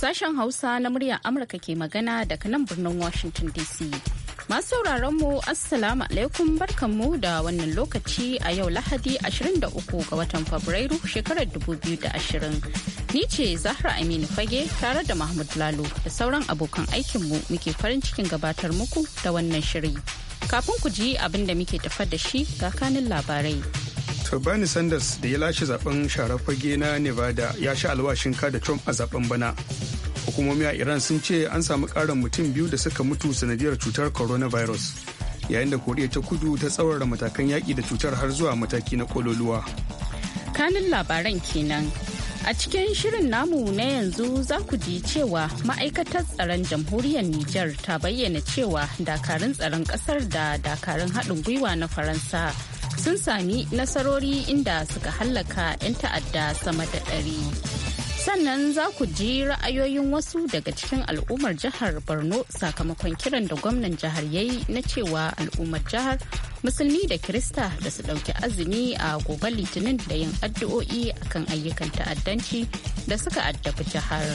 Sashen Hausa na murya Amurka ke magana daga nan birnin Washington DC. Masu sauraron mu Assalamu alaikum barkanmu da wannan lokaci a yau Lahadi 23 ga watan Fabrairu shekarar 2020. Ni ce Zahra Aminu Fage tare da Mahmud Lalo da sauran abokan aikinmu muke farin cikin gabatar muku da wannan shiri. Kafin ku ji abin da muke tafa da shi ga kanin labarai. to Bernie Sanders da ya lashe zaben sharar fage na Nevada ya sha alwashin da Trump a zaben bana. Hukumomi a Iran sun ce an samu ƙarin mutum biyu da suka mutu sanadiyar cutar coronavirus. Yayin da Koriya ta kudu ta tsawara matakan yaƙi da cutar har zuwa mataki na kololuwa. Kanin labaran kenan. A cikin shirin namu na yanzu za ku ji cewa ma'aikatar tsaron jamhuriyar Nijar ta bayyana cewa dakarun tsaron ƙasar da dakarun haɗin gwiwa na Faransa sun sami nasarori inda suka hallaka 'yan ta'adda sama da ɗari. Sannan za ku ji ra'ayoyin wasu daga cikin al'ummar jihar Borno sakamakon kiran da gwamnan jihar ya yi na cewa al'ummar jihar musulmi da Kirista da su ɗauki azumi a gobe litinin da yin addu'o'i akan ayyukan ta'addanci da suka addabi jihar.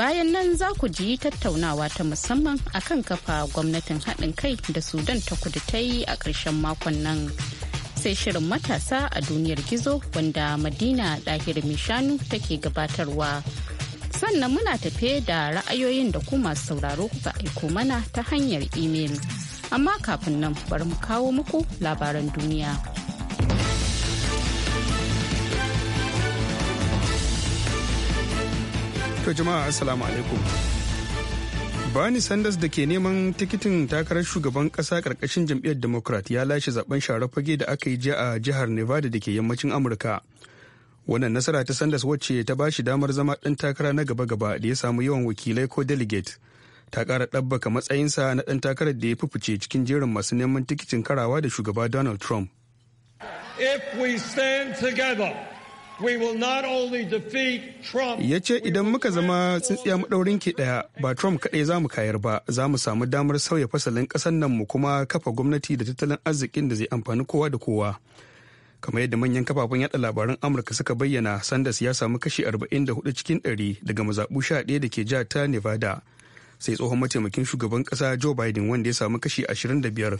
bayan nan za ku ji tattaunawa ta musamman akan kafa gwamnatin haɗin kai da sudan ta kudu ta yi a ƙarshen makon nan sai shirin matasa a duniyar gizo wanda Madina Dahir shanu take gabatarwa. Sannan muna tafe da ra'ayoyin da kuma sauraro kuka aiko mana ta hanyar imel. Amma kafin nan bari mu kawo muku labaran duniya. To jama'a Assalamu alaikum. Bernie Sanders da ke neman tikitin takarar shugaban kasa karkashin jam'iyyar Democrat ya lashe zaben share fage da aka yi jiya a jihar Nevada da ke yammacin Amurka. Wannan nasara ta Sanders wacce ta ba shi damar zama ɗan takara na gaba-gaba da ya samu yawan wakilai ko delegate. Ta ƙara ɗabbaka matsayinsa na ɗan takarar da ya fifice cikin jerin masu neman tikitin karawa da shugaba Donald Trump. If we stand together, Ya ce idan muka zama tsintsiya maɗaurin ke ɗaya ba Trump kaɗai za mu kayar ba za mu samu damar sauya fasalin ƙasar nan mu kuma kafa gwamnati da tattalin arzikin da zai amfani kowa da kowa. Kamar yadda manyan kafafen yaɗa labaran Amurka suka bayyana Sanders ya samu kashi 44 cikin 100 daga mazaɓu 11 da ke ja ta Nevada. Sai tsohon mataimakin shugaban ƙasa Joe Biden wanda ya samu kashi 25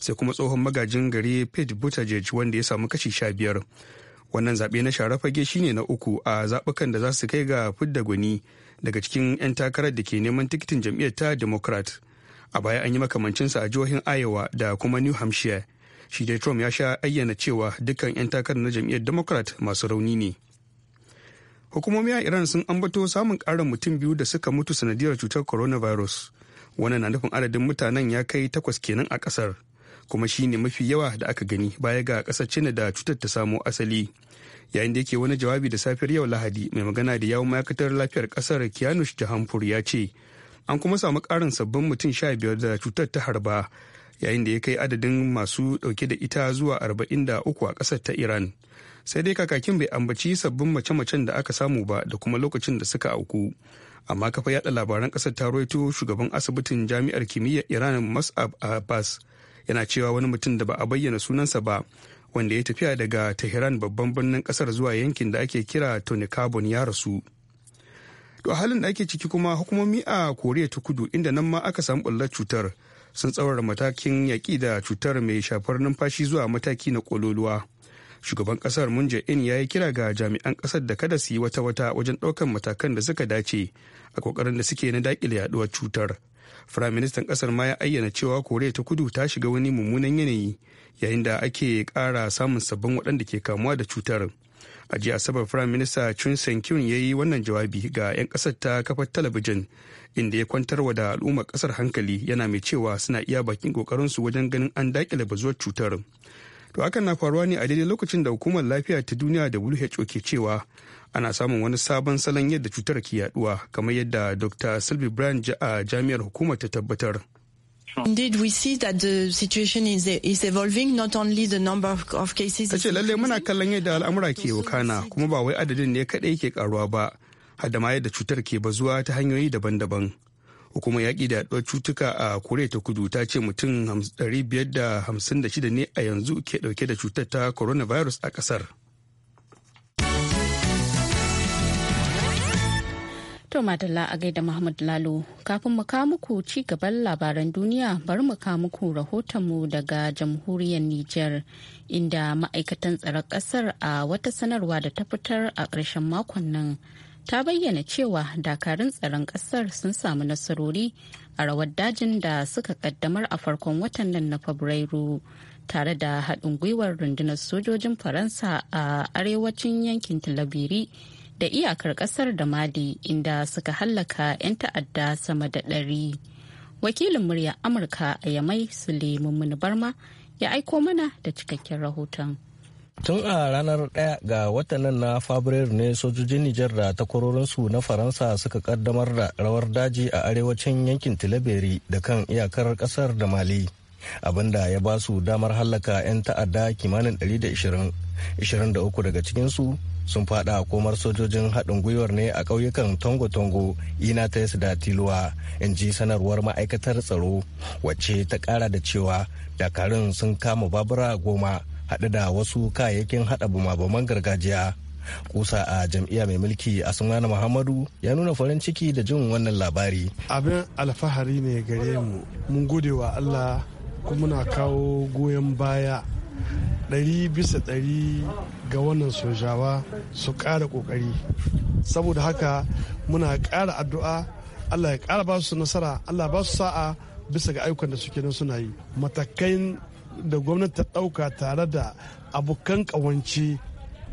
sai kuma tsohon magajin gari Pete Buttigieg wanda ya samu kashi 15. wannan zaɓe na sharafage fage shine na uku a zaɓukan da za su kai ga fidda gwani daga cikin 'yan takarar da ke neman tikitin jam'iyyar ta democrat a baya an yi makamancinsa a jihohin iowa da kuma new hampshire shi dai trump ya sha ayyana cewa dukkan 'yan takarar na jam'iyyar democrat masu rauni ne hukumomi a iran sun ambato samun ƙarin mutum biyu da suka mutu sanadiyar cutar coronavirus wannan na nufin adadin mutanen ya kai takwas kenan a ƙasar kuma shine mafi yawa da aka gani baya ga kasar china da cutar ta samo asali yayin da yake wani jawabi da safiyar yau lahadi mai magana da yawon ma'aikatar lafiyar kasar kianush jahanpur ya ce an kuma samu karin sabbin mutum sha biyar da cutar ta harba yayin da ya kai adadin masu dauke da ita zuwa arba'in da uku a kasar ta iran sai dai kakakin bai ambaci sabbin mace-macen da aka samu ba da kuma lokacin da suka auku amma kafa yada labaran ƙasar ta shugaban asibitin jami'ar kimiyyar iran mas'ab abbas yana cewa wani mutum da ba a bayyana sunansa ba wanda ya tafiya daga tehran babban birnin kasar zuwa yankin da ake kira tonikabon ya rasu to halin da ake ciki kuma hukumomi a koriya ta kudu inda nan ma aka samu bullar cutar sun tsawara matakin yaƙi da cutar mai shafar numfashi zuwa mataki na kololuwa shugaban kasar mun in ya yi kira ga jami'an kasar da kada su yi wata-wata wajen ɗaukar matakan da suka dace a kokarin da suke na daƙile yaduwar cutar firaministan kasar ma ya ayyana cewa koriya ta kudu ta shiga wani mummunan yanayi yayin da ake kara samun sabbin waɗanda ke kamuwa da cutar a jiya asabar firaminista chun sen ya yi wannan jawabi ga 'yan ƙasar ta kafar talabijin inda ya kwantar wa da al'ummar kasar hankali yana mai cewa suna iya bakin kokarin su wajen ganin an daƙile bazuwar cutar To hakan na faruwa ne a daidai lokacin da hukumar lafiya ta duniya da WHO ke cewa ana samun wani sabon salon yadda cutar ke yaduwa kamar yadda Dr. Sylvie Brand a jami'ar hukumar ta tabbatar. Indeed, we see that the situation is, is evolving, not only the number of cases. Tace lalle muna kallon yadda al'amura ke wakana kuma ba wai adadin ne kaɗai ke karuwa ba, hadda ma yadda cutar ke bazuwa ta hanyoyi daban-daban. hukumar yaƙi da yaɗuwar cutuka a koriya ta kudu ta ce mutum 556 ne a yanzu ke ɗauke da cutar ta coronavirus a ƙasar To Madalla a gaida Muhammad Lalo kafin mu kawo muku ci gaban labaran duniya bari mu kawo muku rahotonmu daga jamhuriyar Nijar inda ma'aikatan tsaron ƙasar a wata sanarwa da ta fitar a ƙarshen makon nan ta bayyana cewa dakarun tsaron kasar sun samu nasarori a rawar dajin da suka kaddamar a farkon watan nan na fabrairu tare da haɗin gwiwar rundunar sojojin faransa a arewacin yankin talabiri da iyakar ƙasar da mali inda suka hallaka 'yan ta'adda sama da ɗari wakilin murya amurka a yamai suleiman barma ya aiko mana da cikakken rahoton tun a ranar 1 ga watan na fabrairu ne sojojin nijar da takwarorinsu na faransa suka kaddamar da rawar daji a arewacin yankin tilaberi da kan iyakar kasar da mali abinda ya ba su damar hallaka 'yan ta'adda kimanin 120 23 daga cikinsu sun fada komar sojojin haɗin gwiwar ne a ƙauyukan tongo-tongo inates da tiluwa in ji sanarwar ma'aikatar tsaro wacce ta ƙara da cewa dakarun sun kama babura goma haɗe da wasu kayayyakin haɗa bumabuman gargajiya kusa a jam'iyya mai mulki asmanu muhammadu ya nuna farin ciki da jin wannan labari abin alfahari ne gare mu mun gode wa allah kuma muna kawo goyon baya ɗari bisa ɗari ga wannan sojawa su ƙara ƙoƙari saboda haka muna ƙara addu'a allah ya ƙara ba su nasara allah ba su sa'a bisa ga ayyukan da suke nan suna yi matakai da gwamnati ta ɗauka tare da abokan ƙawance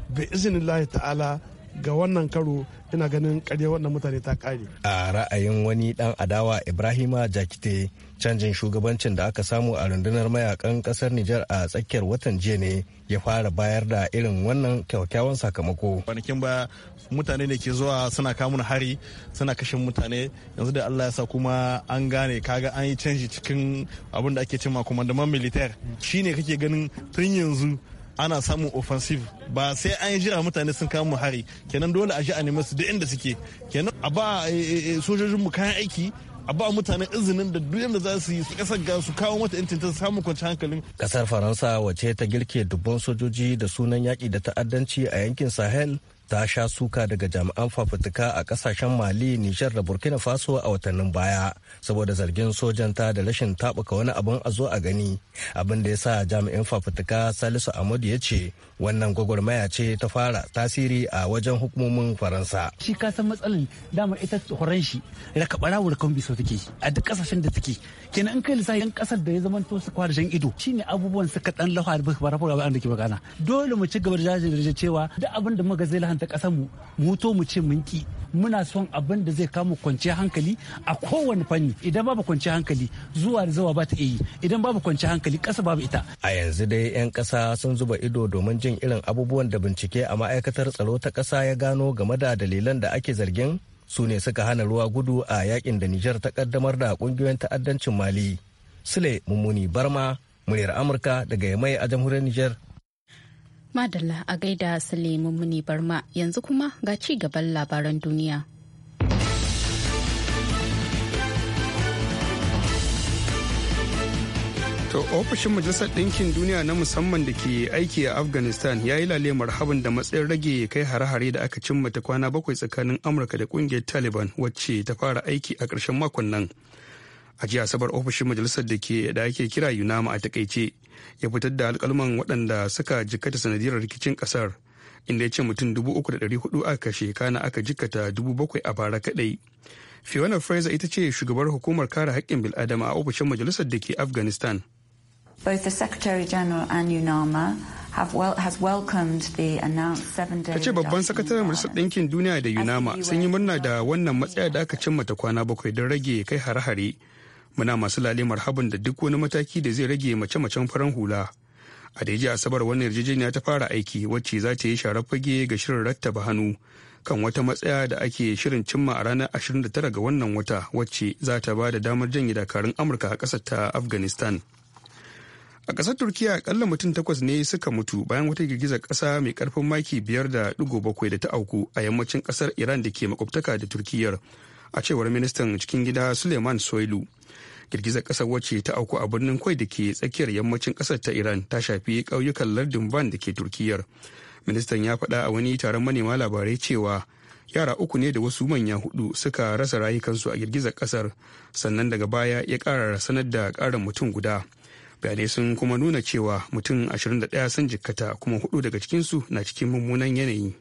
bi izinin ta'ala ga wannan karo ina ganin karye wannan mutane ta kare. a ra'ayin wani dan adawa ibrahima jakite canjin shugabancin da aka samu a rundunar mayakan kasar nijar a tsakiyar watan jiya ne ya fara bayar da irin wannan kyakkyawan sakamako kwanakin ba mutane ne ke zuwa suna kamun hari suna kashe mutane yanzu da allah ya sa kuma an gane kaga an yi canji cikin abin da ake cima kuma da man militar shine kake ganin tun yanzu ana samun offensive ba sai an yi jira mutane sun kama mu hari kenan dole a ji a nemi su duk inda suke kenan a ba eh, eh, eh, sojojin mu kayan aiki a ba mutane izinin da duk inda za su yi su kasar ga su kawo mata yancin ta samun kwanci hankalin. Kasar Faransa wace ta girke dubban sojoji da sunan yaƙi da ta'addanci a yankin Sahel ta sha suka daga jami'an fafutuka a kasashen mali nijar da burkina faso a watannin baya saboda zargin sojanta da rashin tabuka wani abin a zo a gani abin da ya sa jami'in fafutuka salisu amadu ya ce wannan gwagwarmaya ce ta fara tasiri a wajen hukumomin faransa shi ka san matsalan damar ita horon shi raka barawar kambi so take a duk kasashen da take kenan in kai lissafi yan kasar da ya zama to su jan ido shine abubuwan suka dan lafa da ba da ke magana dole mu ci gaba da jajirce cewa duk abin da muka zai masana'anta ƙasar mu mu to mu ce mun ki muna son abin da zai kama kwanci hankali a kowane fanni idan babu kwanci hankali zuwa da zawa ba ta yi idan babu kwanci hankali kasa babu ita a yanzu dai 'yan ƙasa sun zuba ido domin jin irin abubuwan da bincike a ma'aikatar tsaro ta kasa ya gano game da dalilan da ake zargin su ne suka hana ruwa gudu a yakin da Nijar ta kaddamar da kungiyoyin ta'addancin Mali. Sule Mummuni Barma, muryar Amurka daga Yamai a jamhuriyar Nijar. Madalla a gaida Suleiman Muni Barma yanzu kuma ga ci gaban labaran duniya. To ofishin Majalisar Ɗinkin Duniya na musamman da ke aiki a Afghanistan ya yi lalemar habin da matsayin rage kai hare-hare da aka cimma ta kwana bakwai tsakanin Amurka da ƙungiyar Taliban wacce ta fara aiki a ƙarshen makon nan. a jiya asabar ofishin majalisar da ke da ake kira yunama a takaice ya fitar da alkalman waɗanda suka jikata sanadiyar rikicin kasar inda ya ce mutum dubu 3,400 aka shekana kana aka jikkata 7,000 a bara kaɗai fiona fraser ita ce shugabar hukumar kare haƙƙin bil'adama a ofishin majalisar da ke afghanistan Both the Secretary General and UNAMA ta ce babban sakataren majalisar ɗinkin duniya da unama sun yi murna da wannan matsaya da aka cimma ta kwana bakwai don rage kai hare-hare muna masu lalimar habin da duk wani mataki da zai rage mace-macen farin hula a daidai asabar wannan yarjejeniya ta fara aiki wacce za ta yi sharar fage ga shirin rattaba hannu kan wata matsaya da ake shirin cimma a ranar 29 ga wannan wata wacce za ta ba da damar janye dakarun amurka a kasar ta afghanistan a ƙasar turkiya akalla mutum takwas ne suka mutu bayan wata girgizar ƙasa mai karfin maki biyar da digo bakwai da ta auku a yammacin ƙasar iran da ke makwabtaka da turkiyar a cewar ministan cikin gida suleiman soilu girgizar kasar wacce ta auku a birnin kwai da ke tsakiyar yammacin kasar ta iran ta shafi ƙauyukan lardin van da ke turkiyar ministan ya faɗa a wani taron manema labarai cewa yara uku ne da wasu manya hudu suka rasa rayukansu a girgizar kasar sannan daga baya ya ƙara sanar da ƙarin mutum guda bayanai sun kuma nuna cewa mutum 21 sun jikkata kuma hudu daga cikinsu na cikin mummunan yanayi.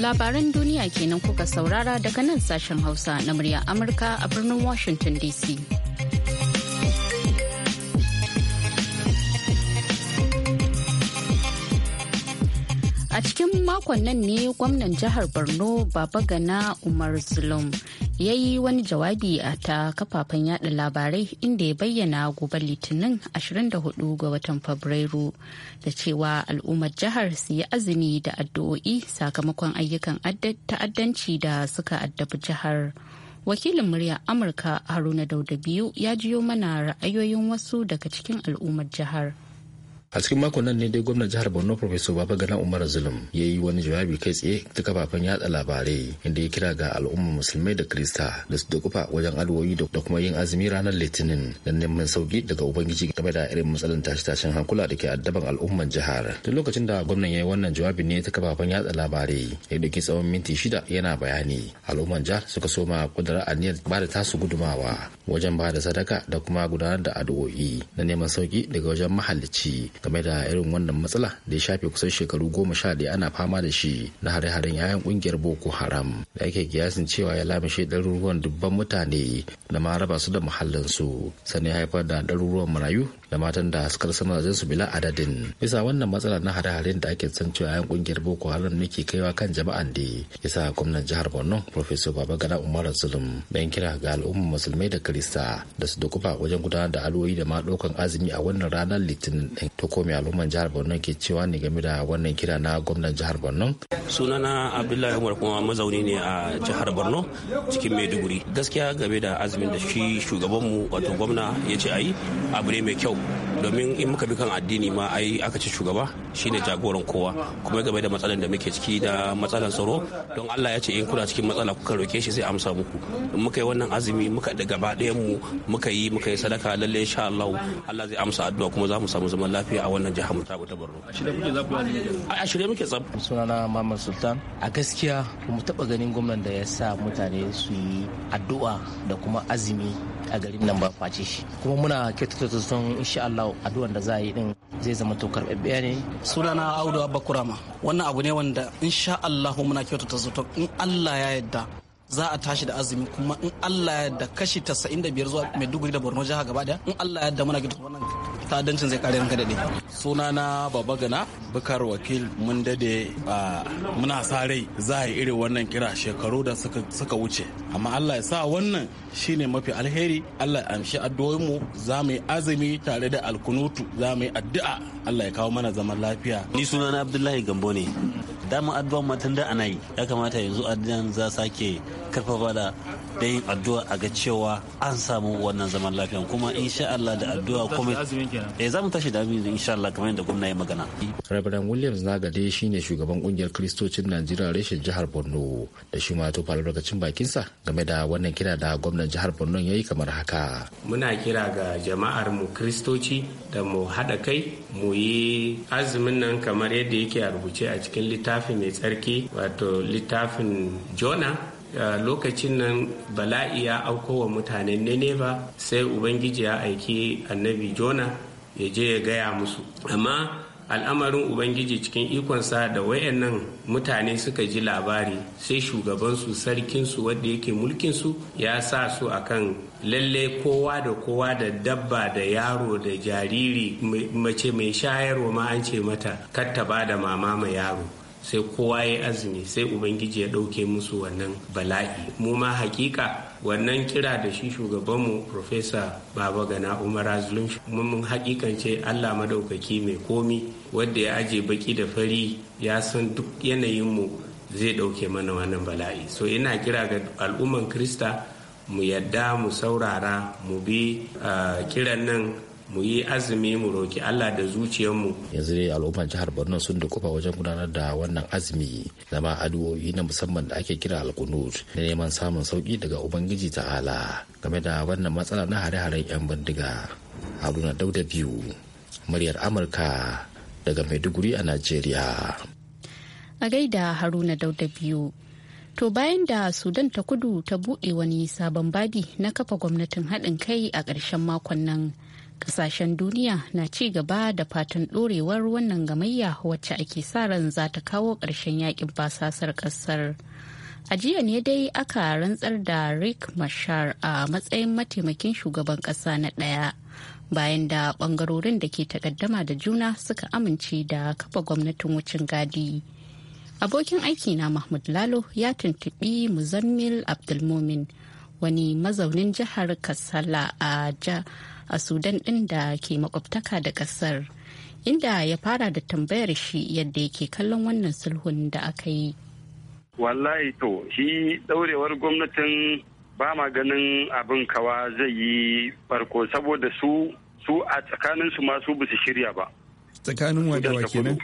Labaran duniya kenan kuka saurara daga nan sashen Hausa na murya Amurka a birnin Washington DC. A cikin makon nan ne gwamnan jihar Borno Baba Gana Umar Zulum ya yi wani jawabi a ta kafafen yada labarai inda ya bayyana gobe litinin 24 ga watan fabrairu da cewa al'ummar jihar su yi azumi da addu'o'i sakamakon ayyukan ta'addanci da suka addabi jihar wakilin murya amurka haruna dauda biyu ya jiyo mana ra'ayoyin wasu daga cikin al'ummar jihar. a cikin makon nan ne dai gwamnan jihar borno professor Gana umar zulum ya yi wani jawabi kai tsaye ta kafafen yatsa labarai inda ya kira ga al'umma musulmai da krista da su dukufa wajen alwoyi da kuma yin azumi ranar litinin da neman sauki daga ubangiji game da irin matsalar tashe-tashen hankula da ke addaban al'umman jihar tun lokacin da gwamnan ya yi wannan jawabi ne ta kafafen yatsa labarai ya dauki tsawon minti shida yana bayani al'umman jihar suka soma kudura aniyar ba da tasu gudumawa wajen ba da sadaka da kuma gudanar da addu'o'i na neman sauki daga wajen mahallici game da irin wannan matsala da ya shafe kusan shekaru goma sha daya ana fama da shi na hare-haren yayan kungiyar boko haram da ake kiyasin cewa ya lamishe ɗaruruwan dubban mutane da ma raba su da muhallinsu sannan ya haifar da ɗaruruwan marayu da matan da suka rasa su bila adadin bisa wannan matsala na hare-haren da ake san cewa yayan kungiyar boko haram ne ke kaiwa kan jama'an da yasa gwamnan jihar borno professor babagana umar zulum dan kira ga al'ummar musulmai da kirista da su dukufa wajen gudanar da al'oyi da ma ɗaukan azumi a wannan ranar litinin ɗin ko mai al'umman jihar borno ke cewa ne game da wannan kira na gwamnan jihar borno sunana abdullahi umar kuma mazauni ne a jihar borno cikin maiduguri gaskiya game da azumin da shi shugabanmu wato gwamna ya ce a yi abu ne mai kyau domin in muka bi kan addini ma ai aka ci shugaba shine jagoran kowa kuma game da matsalar da muke ciki da matsalar tsaro don Allah ya ce in kuna cikin matsala kuka roke shi sai amsa muku in muka yi wannan azumi muka da gaba ɗayan mu muka yi muka yi sadaka lalle insha Allah Allah zai amsa addu'a kuma za mu samu zaman lafiya a wannan jihar mu ta Borno a shirye muke tsab sunana Mamman Sultan a gaskiya mu taba ganin gwamnati da ya sa mutane su yi addu'a da kuma azumi a garin nan ba face shi kuma muna kyautata sun insha Allah addu'an da za a yi din zai zama to karɓaɓɓiya ne sunana Audu Abba Kurama wannan abu ne wanda insha Allah muna kyautata zato in Allah ya yarda za a tashi da azumi kuma in Allah ya da kashi 95 zuwa Maiduguri da Borno jiha gaba daya in Allah ya da muna gidan wannan ta'addancin zai kare ranka suna sunana baba gana bukar wakil mun dade muna sa rai za a yi irin wannan kira shekaru da suka wuce amma Allah ya sa wannan shine mafi alheri Allah ya amshi addu'o'in mu za mu yi azumi tare da alkunutu za mu yi addu'a Allah ya kawo mana zaman lafiya ni sunana Abdullahi Gambo ne dama addu'a ma tun da ana ya kamata yanzu addu'an za sake karfafa da da yin addu'a a ga cewa an samu wannan zaman lafiya kuma insha Allah da addu'a kuma eh za mu tashi da azumi insha Allah kamar yadda gwamnati ya magana Reverend Williams shi shine shugaban kungiyar Kristocin Najeriya reshen jihar Borno da shi ma to bakin bakinsa game da wannan kira da gwamnan jihar Borno yayi kamar haka muna kira ga jama'ar mu Kristoci da mu hada kai mu yi azumin nan kamar yadda yake a rubuce a cikin littafin littafi mai tsarki wato littafin jona lokacin nan bala'i ya auko aukowa mutanen neneva sai ubangiji ya aiki annabi jona ya je ya gaya musu amma al'amarin ubangiji cikin ikonsa da wayannan mutane suka ji labari sai shugabansu sarkinsu wadda yake mulkinsu ya sa su akan lalle kowa da kowa da dabba da yaro da jariri mace mai shayarwa ma an ce mata kattaba ba da mama ma yaro sai kowa ya azumi sai ubangiji ya ɗauke musu wannan bala'i mu ma hakika wannan kira da shi shugabanmu profesa baba gana umar azulun mun ce allah madaukaki mai komi wadda ya aje baki da fari ya san duk yanayinmu zai ɗauke mana wannan bala'i so ina kira ga al'umman krista mu yadda mu saurara mu bi ah, kiran nan mu yi azumi mu roki Allah da zuciyarmu yanzu dai al'umman jihar Borno sun da dukufa wajen gudanar da wannan azumi zama addu'o'i na musamman da ake kira al-Qunut da neman samun sauki daga ubangiji ta'ala game da wannan matsala na hare-haren yan bindiga Haruna Dauda biyu muryar Amurka daga Maiduguri a Najeriya a gaida Haruna Dauda biyu To bayan da Sudan ta kudu ta buɗe wani sabon babi na kafa gwamnatin haɗin kai a ƙarshen makon nan. Kasashen duniya na ci gaba da fatan ɗorewar wannan gamayya wacce ake sa ran za ta kawo ƙarshen yakin basasar ƙasar. A jiya ne dai aka rantsar da Rick Mashar a matsayin mataimakin shugaban ƙasa na ɗaya. Bayan da ɓangarorin da ke takaddama da juna suka amince da kafa gwamnatin wucin gadi. Abokin aiki na Mahmud Lalo ya tuntubi Muzammil Abdulmumin wani mazaunin jihar Katsala a jihar a sudan ɗin da ke makwabtaka da ƙasar inda ya fara da tambayar shi yadda yake kallon wannan sulhun da aka yi wallahi to shi ɗaurewar gwamnatin ba ma ganin abin kawa zai yi farko saboda su su a tsakaninsu masu su shirya ba tsakanin wadawa kenan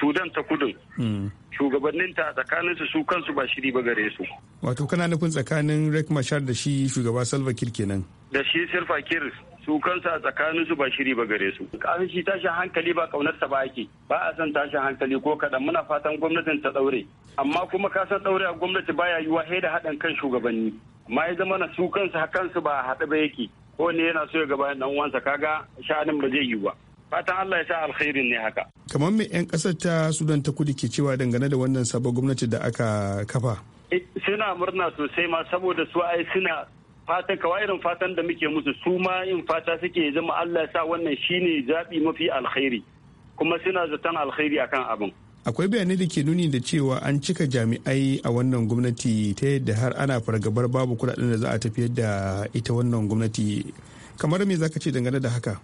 sudan ta kudu hmm. shugabanninta tsakanin su su kansu ba shiri ba gare su wato kana nufin tsakanin rek mashar da shi shugaba salva kir kenan da shi salva kir su kansu a tsakanin su ba shiri ba gare su kafin shi tashin hankali ba kaunarsa ba ake ba a san tashin hankali ko kaɗan muna fatan gwamnatin ta daure amma kuma ka san daure a gwamnati baya yiwa sai da haɗin kan shugabanni amma ya zama na su kansu kansu ba haɗe ba yake ko ne yana so ya gaba da uwansa kaga sha'anin ba zai yi ba fatan Allah ya sa alkhairin ne haka kamar me yan ƙasar ta Sudan ta kudu ke cewa dangane da wannan sabon gwamnati da aka kafa eh, suna murna sosai ma saboda su ai suna fatan kawai irin fatan da muke musu su ma in fata suke zama Allah ya sa wannan shine zabi mafi alkhairi kuma suna zaton alkhairi akan abin akwai bayanai da ke nuni da cewa an cika jami'ai a wannan gwamnati ta yadda har ana fargabar babu kudaden da za a tafiyar da ita wannan gwamnati kamar me zaka ce dangane da haka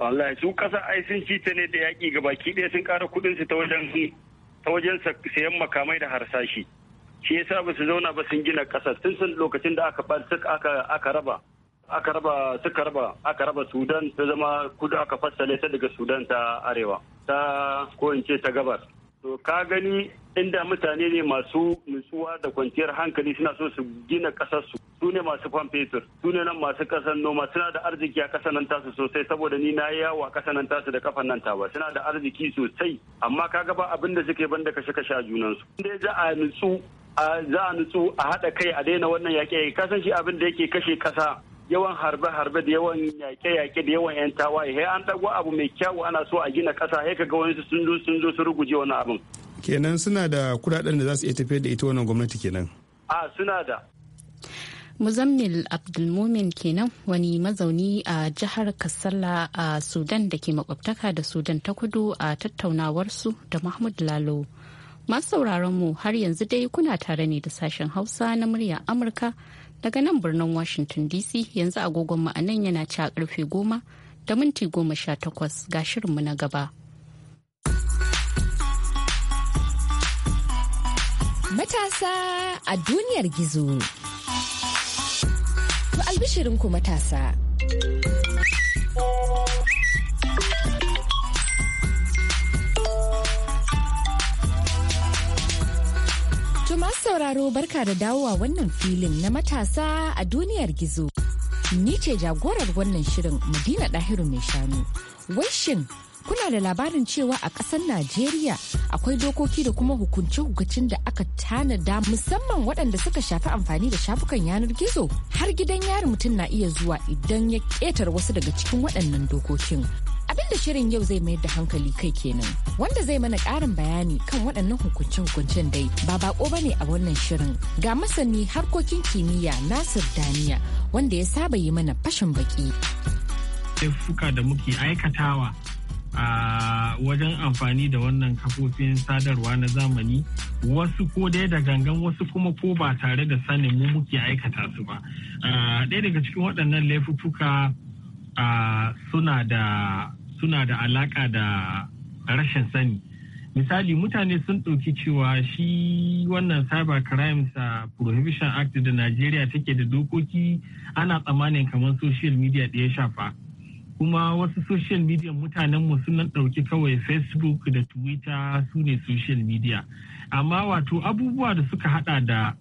wallahi su kasa ai sun ci ta ne da yaƙi ga baki ɗaya sun ƙara kuɗin su ta wajen ta wajen sayan makamai da harsashi shi yasa ba su zauna ba sun gina ƙasa tun sun lokacin da aka aka aka raba aka raba suka raba aka raba Sudan ta zama kudu aka fassale ta daga Sudan ta arewa ta ko in ce ta gabar to ka gani inda mutane ne masu nutsuwa da kwanciyar hankali suna so su gina kasarsu su ne masu fan fetur su ne nan masu kasar noma suna da arziki a kasar nan tasu sosai saboda ni na yi yawo a kasar nan tasu da kafan nan tawa suna da arziki sosai amma ka gaba abin da suke banda kashe kashe a junansu inda ya a nutsu za a nutsu a haɗa kai a daina wannan yaƙe ka san shi abin da yake kashe kasa yawan harbe-harbe da yawan yaƙe-yaƙe da yawan 'yan tawaye sai an dago abu mai kyau ana so a gina ƙasa sai kaga wani sun zo sun zo su ruguje wani abin kenan suna da kudaden da za su iya tafiyar da ita wannan gwamnati kenan a suna da muzammil abdulmumin kenan wani mazauni a jihar kasala a sudan da ke makwabtaka da sudan ta kudu a tattaunawarsu da mahmud lalo masu sauraron mu har yanzu dai kuna tare ne da sashen hausa na murya amurka daga nan birnin washington dc yanzu agogon mu anan yana ci a karfe goma da minti goma sha takwas ga shirinmu na gaba matasa a duniyar gizo albishirinku matasa sauraro barka da dawowa wannan filin na matasa a duniyar gizo. Ni ce jagorar wannan shirin Madina Dahiru mai shanu. Wai shin kuna da labarin cewa a ƙasar Najeriya akwai dokoki da kuma hukunce-hukuncin da aka tanada musamman waɗanda suka shafi amfani da shafukan yanar gizo har gidan yari mutum na iya zuwa idan ya ƙetar wasu daga cikin waɗannan dokokin. Abinda shirin yau zai mayar da hankali kai kenan wanda zai mana ƙarin bayani kan waɗannan hukunce-hukuncen dai ba bako ba ne a wannan shirin ga masani harkokin kimiyya Nasir Daniya wanda ya saba yi mana fashin baki. Laifuka da muke aikatawa a wajen amfani da wannan kafofin sadarwa na zamani wasu ko dai da gangan wasu kuma ko ba tare da sanin mu muke aikata su ba. Ɗaya daga cikin waɗannan laifuka suna da suna da alaka da rashin sani misali mutane sun ɗauki cewa shi wannan cyber crimes prohibition act da najeriya take da dokoki ana tsammanin kamar social media da ya shafa kuma wasu social media mutanenmu sunan ɗauki kawai facebook da twitter su ne social media amma wato abubuwa da suka hada da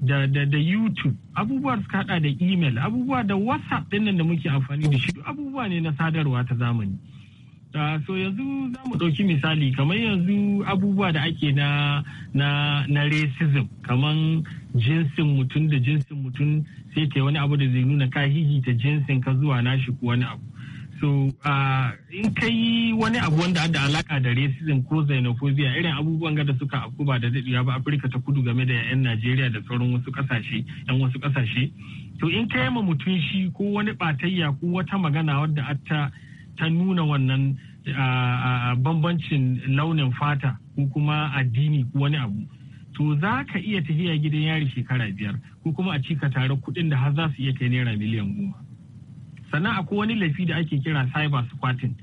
da, da, da YouTube, abubuwa suka hada da email, abubuwa da WhatsApp ɗin da muke amfani da shi abubuwa ne na sadarwa ta zamani. Uh, so yanzu za mu ɗauki misali kamar yanzu abubuwa da ake na na na racism kamar jinsin mutum da jinsin mutum sai ta wani abu da zai nuna ka hihita jinsin ka zuwa nashi ko wani abu So in ka yi wani abu wanda da alaka da racism ko xenophobia irin abubuwan da suka afku ba da daɗewa ba Afirka ta kudu game da 'yan Najeriya da sauran wasu ƙasashe 'yan wasu ƙasashe. To in ka yi ma mutum shi ko wani ɓatayya ko wata magana wadda ta ta nuna wannan uh, bambancin launin fata ko kuma addini ko wani abu. to za ka iya tafiya gidan yari shekara biyar ko kuma a cika tare kuɗin da har za su iya kai naira miliyan goma. sannan akwai wani laifi da ake kira cyber squatting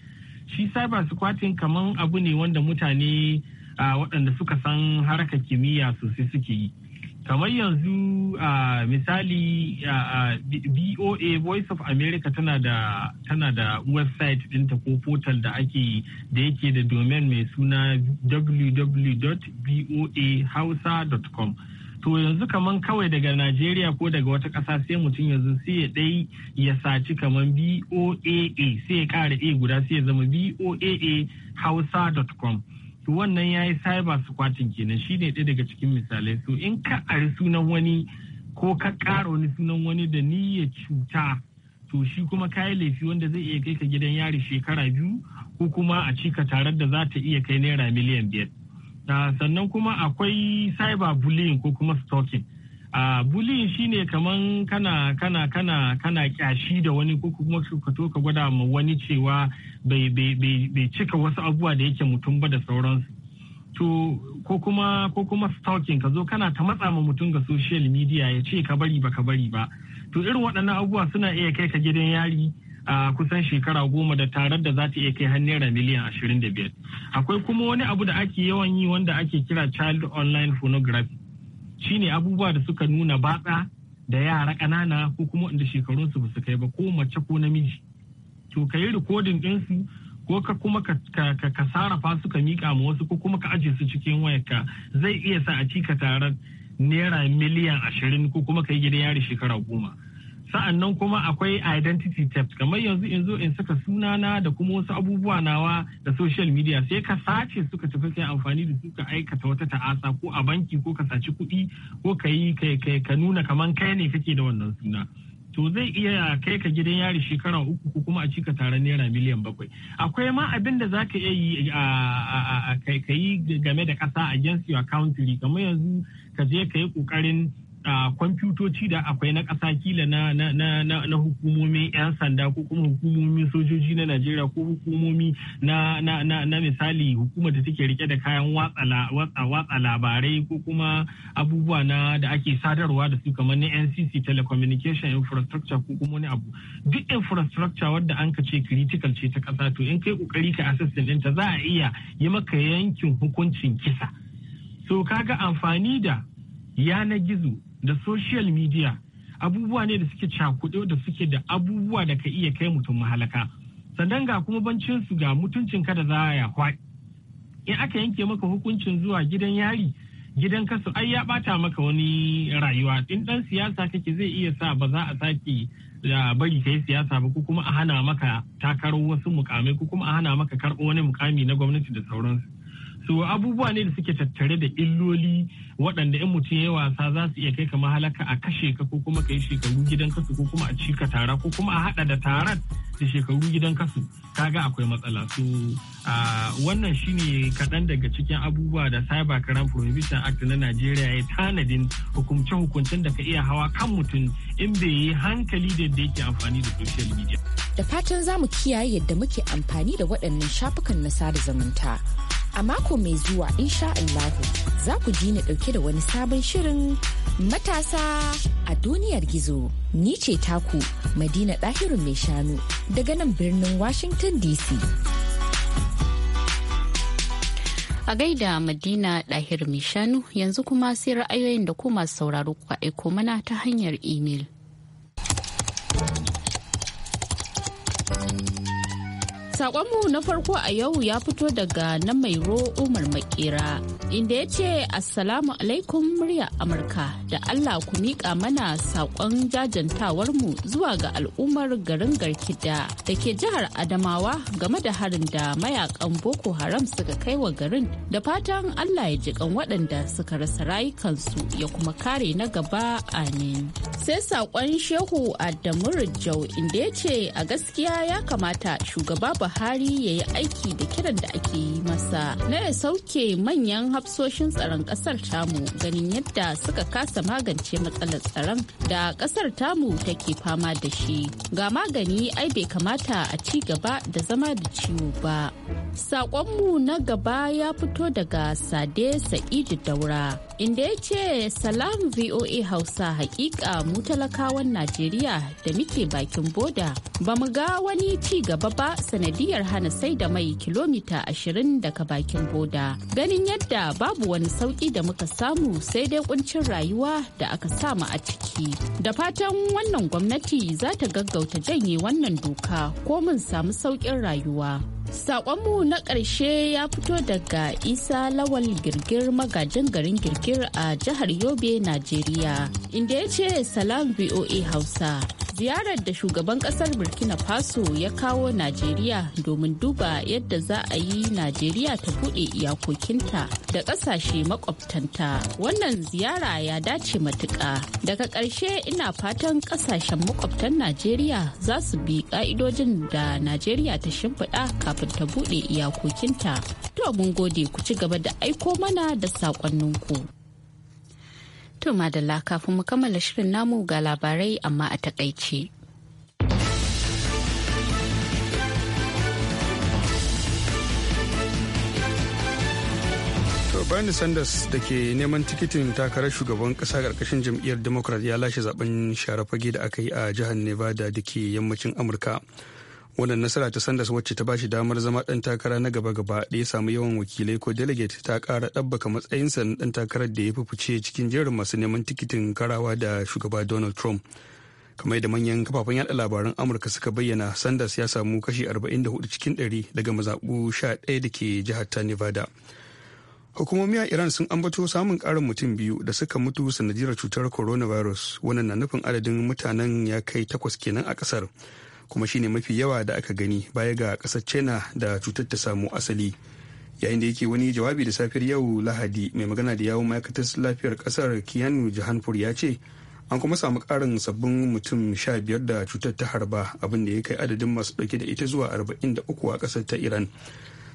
shi cyber squatting kaman abu ne wanda mutane waɗanda suka san harkar kimiyya sosai suke yi kamar yanzu misali boa voice of america tana da tana da website ɗinta ko portal da ake da yake da domain mai suna www.boahausa.com to yanzu kaman kawai daga najeriya ko daga wata ƙasa sai mutum yanzu sai ya ɗai ya saci kaman boaa sai ya ƙara a guda sai ya zama boaa hausa.com to wannan ya yi cyber squatting kenan shine ɗaya daga cikin misalai so in ka ari sunan wani ko ka ƙara wani sunan wani da ya cuta to shi kuma kayi laifi wanda zai iya kai ka gidan yari shekara biyu ko kuma a cika tarar da za ta iya kai naira miliyan biyar Ah, sannan kuma akwai cyber bullying ko kuma stalking bullying ah, bullying shine kaman kana kana kana kana kyashi da wani ko kuma ka to ka gwada ma wani cewa bai bai cika wasu abubuwa da yake mutum ba da sauransu to ko kuma ko kuma stalking ka zo kana ta matsa ma mutum ga social media ya ce ka bari ba ka bari ba to irin waɗannan abubuwa suna iya kai ka gidan yari a kusan shekara goma da tarar da za ta iya kai har naira miliyan ashirin da biyar akwai kuma wani abu da ake yawan yi wanda ake kira child online phonography Shi ne abubuwa da suka nuna batsa da yara ƙanana ko kuma inda shekarunsu ba su kai ba ko mace ko namiji to ka yi rikodin ɗinsu ko ka kuma ka sarrafa su ka miƙa ma wasu ko kuma ka ajiye su cikin wayarka zai iya sa a cika tarar naira miliyan ashirin ko kuma ka yi gidan yari shekara goma Sa'an nan kuma akwai identity theft kamar yanzu in zo in saka sunana da kuma wasu abubuwa nawa da social media sai ka sace suka tafi kai amfani da su ka aikata wata ta'asa ko a banki ko ka saci kuɗi ko ka yi ka nuna kamar kai ne kake da wannan suna to zai iya kai ka gidan yari shekara uku ko kuma a cika taron naira miliyan bakwai akwai ma abin da za ka iya yi ka yi game da ƙasa against your country kamar yanzu ka je ka yi ƙoƙarin kwamfutoci da akwai na ƙasa kila na, na, hukumomin 'yan sanda ko kuma hukumomin sojoji na Najeriya ko hukumomi na, misali hukumar da take rike da kayan watsa labarai ko kuma abubuwa na da ake sadarwa da su kamar na NCC telecommunication infrastructure ko kuma wani abu duk infrastructure wadda an ka ce critical ce ta ƙasa to in kai kokari ka assistant ɗinta za a iya yi maka yankin hukuncin kisa so kaga amfani da yanar gizo da social media abubuwa ne da suke cakuɗe da suke da abubuwa da ka iya kai mutum mahalaka sannan ga kuma bancinsu ga mutuncin ka da za ya kwaɗi in aka yanke maka hukuncin zuwa gidan yari gidan kasu ai ya bata maka wani rayuwa in dan siyasa kake zai iya sa ba za a sake da bari kai siyasa ba ko kuma a hana maka takarar wasu mukamai ko kuma a hana maka karɓo wani mukami na gwamnati da sauransu so abubuwa ne da suke tattare da illoli waɗanda in mutum ya wasa za su iya kai ka mahalaka a kashe ka ko kuma ka yi shekaru gidan kasu ko kuma a ci ka tara ko kuma a haɗa da tarar da shekaru gidan kasu kaga akwai matsala so wannan shine kaɗan daga cikin abubuwa da cyber crime prohibition act na najeriya ya tanadin hukumce-hukuncen da ka iya hawa kan mutum in bai yi hankali da yadda yake amfani da social media da fatan za mu kiyaye yadda muke amfani da waɗannan shafukan na sada zumunta a mako mai zuwa insha Allahu za ku ji ni ɗauke da wani sabon shirin matasa a duniyar gizo. Ni ce taku Madina Dahiru mai shanu daga nan birnin Washington DC. A gaida Madina Dahir mai shanu yanzu kuma sai ra'ayoyin da ku masu sauraro kuka aiko mana ta hanyar imel. Sakonmu na farko a yau ya fito daga na mai Umar Makera inda ya ce Assalamu alaikum murya Amurka da Allah ku miƙa mana sakon jajantawarmu zuwa ga al'ummar garin Garkida da ke jihar Adamawa game da harin da mayakan Boko Haram suka kai wa garin da fatan Allah ya ji kan waɗanda suka rasa rayukansu ya kuma kare na gaba amin. Sai saƙon Shehu Adamu Rijau inda ya ce a gaskiya ya kamata shugaba Buhari ya yi aiki da kiran da ake yi masa na ya sauke manyan hafsoshin tsaron kasar tamu ganin yadda suka kasa magance matsalar tsaron da kasar tamu take fama da shi. Ga magani ai bai kamata a ci gaba da zama da ciwo ba. Saƙonmu na gaba ya fito daga Sade Sa'idu Daura. inda ya ce salam voa hausa hakika mu talakawan najeriya da muke bakin boda ba mu ga wani ci gaba ba sanadiyar hana sai da mai kilomita ashirin daga bakin boda ganin yadda babu wani sauki da muka samu sai dai kuncin rayuwa da aka samu a ciki da fatan wannan gwamnati za ta gaggauta janye wannan doka ko mun samu sauƙin rayuwa Saƙonmu na ƙarshe ya fito daga Isa Lawal Girgir magajin garin Girgir a jihar Yobe, Najeriya, inda ya ce Salam VOA Hausa. ziyarar da shugaban kasar burkina faso ya kawo najeriya domin duba yadda za a yi najeriya ta bude iyakokinta da ƙasashe makwabtanta wannan ziyara ya dace matuka daga ƙarshe ina fatan ƙasashen makwabtan najeriya za su bi ka'idojin da najeriya ta shimfiɗa kafin ta bude iyakokinta to mun gode ku ci gaba da aiko mana da saƙonninku. To madalla kafin mu kammala shirin namu ga labarai amma a takaice. Bernie Sanders da ke neman tikitin takarar shugaban kasa karkashin jam'iyyar Democrat ya lashe zaben share fage da aka yi a jihar Nevada da ke yammacin Amurka. wannan nasara ta sanders wacce ta bashi damar zama ɗan takara na gaba-gaba da ya samu yawan wakilai ko delegate ta kara ɗabbaka matsayinsa na ɗan takarar da ya fi fice cikin jerin masu neman tikitin karawa da shugaba donald trump kamar da manyan kafafen yada labaran amurka suka bayyana sanders ya samu kashi 44 cikin 100 daga mazaɓu 11 da ke jihar ta nevada hukumomi a iran sun ambato samun ƙarin mutum biyu da suka mutu sanadiyar cutar coronavirus wannan na nufin adadin mutanen ya kai takwas kenan a ƙasar kuma shine mafi yawa da aka gani baya ga kasar china da cutar ta samu asali yayin da yake wani jawabi da safiyar yau lahadi mai magana da yawon ma'aikatar lafiyar kasar kiyanu jahanpur ya ce an kuma samu karin sabbin mutum sha biyar da cutar ta harba abin da ya kai adadin masu dauke da ita zuwa arba'in da uku a kasar ta iran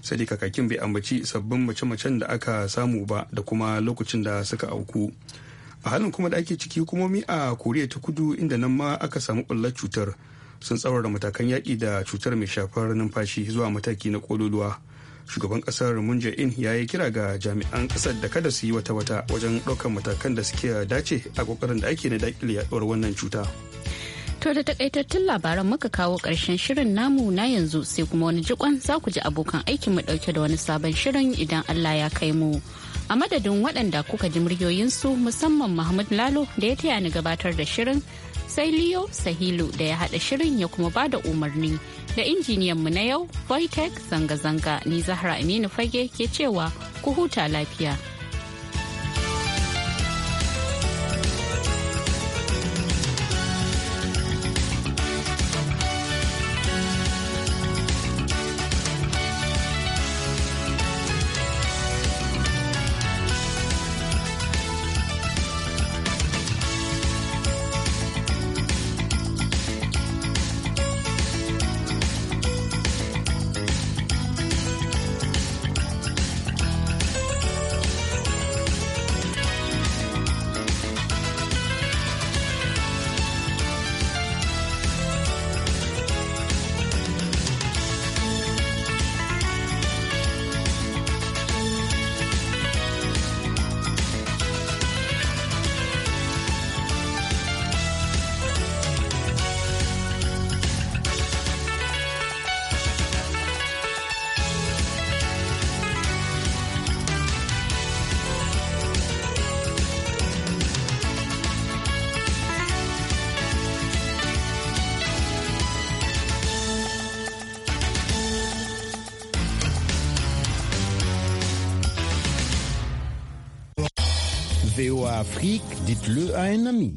sai dai kakakin bai ambaci sabbin mace-macen da aka samu ba da kuma lokacin da suka auku a halin kuma da ake ciki hukumomi a koriya ta kudu inda nan ma aka samu ɓullar cutar sun tsaurara matakan yaƙi da cutar mai shafar numfashi zuwa mataki na kololuwa shugaban ƙasar moon in ya yi kira ga jami'an ƙasar da kada su yi wata-wata wajen ɗaukar matakan da suke dace a kokarin da ake na daƙile yaɗuwar wannan cuta to da takaitattun labaran muka kawo ƙarshen shirin namu na yanzu sai kuma wani jikon za ku ji abokan aikin mu ɗauke da wani sabon shirin idan allah ya kai mu a madadin waɗanda kuka ji muryoyinsu musamman mahmud lalo da ya taya ni gabatar da shirin sai Leo Sahilu da ya haɗa shirin ya kuma bada umarni da injiniyan mu na yau Voitech zanga-zanga ni Zahra Aminu Fage ke cewa ku huta lafiya. Afrique, dites-le à un ami.